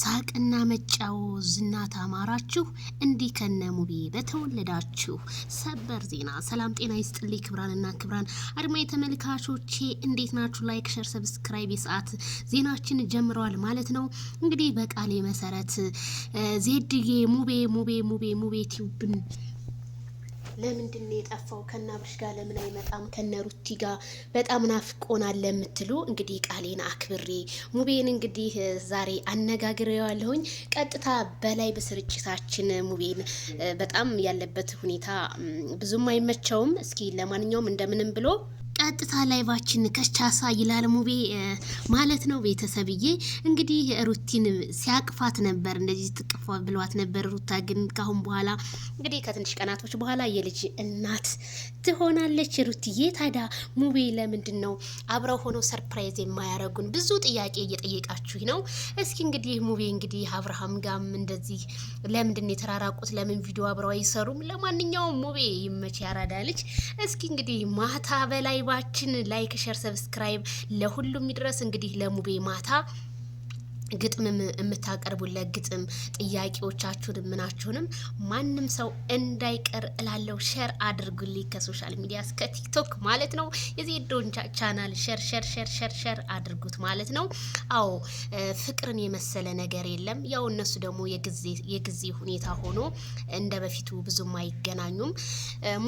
ሳቅና መጫወት ዝና ታማራችሁ እንዲህ ሙቤ በተወለዳችሁ ሰበር ዜና። ሰላም ጤና ይስጥልኝ ክብራንና ክብራን አድማ ተመልካቾቼ እንዴት ናችሁ? ላይክ፣ ሸር፣ ሰብስክራይብ የሰዓት ዜናችን ጀምረዋል ማለት ነው። እንግዲህ በቃሌ መሰረት ዜድዬ ሙቤ ሙቤ ሙቤ ሙቤ ቲዩብን ለምንድን ነው የጠፋው? ከነ ጋር ለምን አይመጣም? ከነ ሩቲ ጋር በጣም ናፍቆናል ለምትሉ እንግዲህ ቃሌን አክብሬ ሙቤን እንግዲህ ዛሬ አነጋግሬዋለሁኝ። ቀጥታ በላይ በስርጭታችን ሙቤን በጣም ያለበት ሁኔታ ብዙም አይመቸውም። እስኪ ለማንኛውም እንደምንም ብሎ ቀጥታ ላይቫችን ከቻሳ ይላል ሙቤ ማለት ነው። ቤተሰብዬ እንግዲህ ሩቲን ሲያቅፋት ነበር እንደዚህ ጥቅፏ ብሏት ነበር። ሩታ ግን ካሁን በኋላ እንግዲህ ከትንሽ ቀናቶች በኋላ የልጅ እናት ትሆናለች። ሩትዬ ታዲያ ሙቤ ለምንድን ነው አብረው ሆኖ ሰርፕራይዝ የማያረጉን? ብዙ ጥያቄ እየጠየቃችሁ ነው። እስኪ እንግዲህ ሙቤ እንግዲህ አብርሃም ጋም እንደዚህ ለምንድን ነው የተራራቁት? ለምን ቪዲዮ አብረው አይሰሩም? ለማንኛውም ሙቤ ይመች ያራዳ ልጅ። እስኪ እንግዲህ ማታ በላይ ዩቱባችን ላይክ፣ ሸር፣ ሰብስክራይብ ለሁሉም ይድረስ። እንግዲህ ለሙቤ ማታ ግጥም የምታቀርቡለት ግጥም ጥያቄዎቻችሁን ምናችሁንም ማንም ሰው እንዳይቀር እላለው። ሸር አድርጉልኝ ከሶሻል ሚዲያ እስከ ቲክቶክ ማለት ነው። ዶን ቻናል ሸር ሸር ሸር ሸር ሸር አድርጉት ማለት ነው። አዎ ፍቅርን የመሰለ ነገር የለም። ያው እነሱ ደግሞ የጊዜ ሁኔታ ሆኖ እንደ በፊቱ ብዙም አይገናኙም።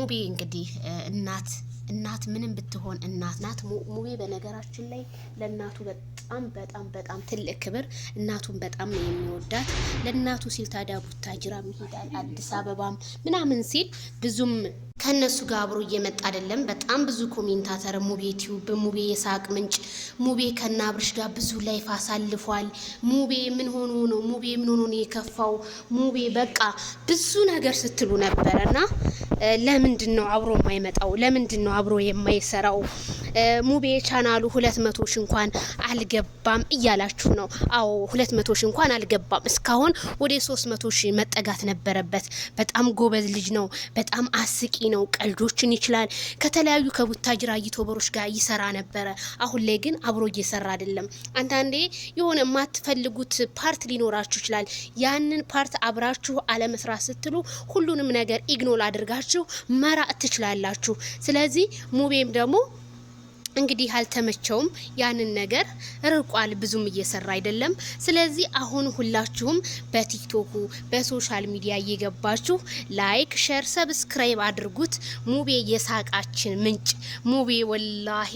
ሙቤ እንግዲህ እናት እናት ምንም ብትሆን እናት ናት። ሙቤ በነገራችን ላይ ለእናቱ በጣም በጣም በጣም ትልቅ ክብር፣ እናቱን በጣም ነው የሚወዳት። ለእናቱ ሲል ታዲያ ቡታጅራም ይሄዳል፣ አዲስ አበባም ምናምን ሲል ብዙም ከእነሱ ጋር አብሮ እየመጣ አይደለም። በጣም ብዙ ኮሜንታተር ሙቤ ቲዩብ፣ ሙቤ የሳቅ ምንጭ፣ ሙቤ ከና አብርሽ ጋር ብዙ ላይፍ አሳልፏል። ሙቤ ምን ሆኖ ነው ሙቤ ምን ሆኖ ነው የከፋው ሙቤ በቃ ብዙ ነገር ስትሉ ነበረና ለምንድን ነው አብሮ የማይመጣው? ለምንድን ነው አብሮ የማይሰራው? ሙቤ ቻናሉ ሁለት መቶ ሺ እንኳን አልገባም እያላችሁ ነው። አዎ ሁለት መቶ ሺ እንኳን አልገባም። እስካሁን ወደ ሶስት መቶ ሺ መጠጋት ነበረበት። በጣም ጎበዝ ልጅ ነው። በጣም አስቂ ነው። ቀልዶችን ይችላል። ከተለያዩ ከቡታጅራ ዩቱበሮች ጋር ይሰራ ነበረ። አሁን ላይ ግን አብሮ እየሰራ አይደለም። አንዳንዴ የሆነ የማትፈልጉት ፓርት ሊኖራችሁ ይችላል። ያንን ፓርት አብራችሁ አለመስራት ስትሉ ሁሉንም ነገር ኢግኖል አድርጋ አድርጋችሁ መራቅ ትችላላችሁ። ስለዚህ ሙቤም ደግሞ እንግዲህ አልተመቸውም። ያንን ነገር ርቋል፣ ብዙም እየሰራ አይደለም። ስለዚህ አሁን ሁላችሁም በቲክቶኩ በሶሻል ሚዲያ እየገባችሁ ላይክ፣ ሼር፣ ሰብስክራይብ አድርጉት። ሙቤ የሳቃችን ምንጭ ሙቤ ወላሂ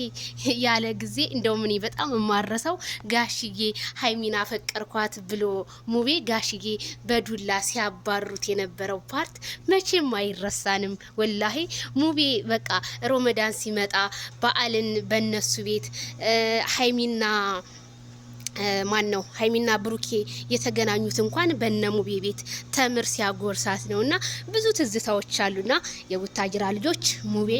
ያለ ጊዜ እንደውም እኔ በጣም የማረሰው ጋሽዬ ሀይሚና ፈቀርኳት ብሎ ሙቤ ጋሽዬ በዱላ ሲያባሩት የነበረው ፓርት መቼም አይረሳንም። ወላሂ ሙቤ በቃ ሮመዳን ሲመጣ በዓልን በእነሱ ቤት ሀይሚና ማን ነው ሀይሚና ብሩኬ የተገናኙት እንኳን በነሙቤ ቤት ተምር ሲያጎርሳት ነው። እና ብዙ ትዝታዎች አሉና የቡታጅራ ልጆች ሙቤ